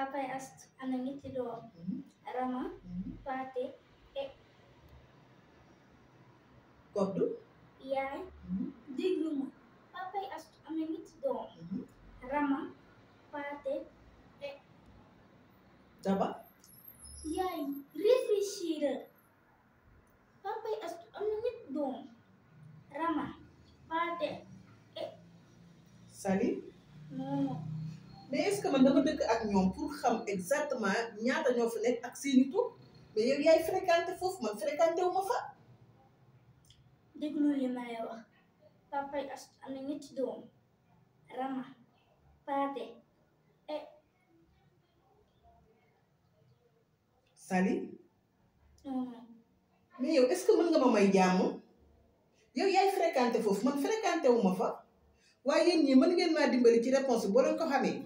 papa ya Ast ana miti doom Rama Paate e koddu yaay déglu ma papa ya Ast ana miti doom Rama Paate e eh. Daba yaay réfléchir papa ya Ast ana miti doom Rama Paate e eh. Sali non mais est-ce que man dama dëkk ak ñoom pour xam exactement ñaata ñoo fa nekk ak seeni tur mais yow yaay fréquenté foofu man fréquenté wu ma fa. déglu li may wax papa as am na ñetti doom Rama Paate et. Sali. mais yow est-ce que mën nga ma may jàmm yow yaay fréquenté foofu man fréquenté wu ma fa. waaye yéen ñii mën ngeen maa dimbali ci réponse boo leen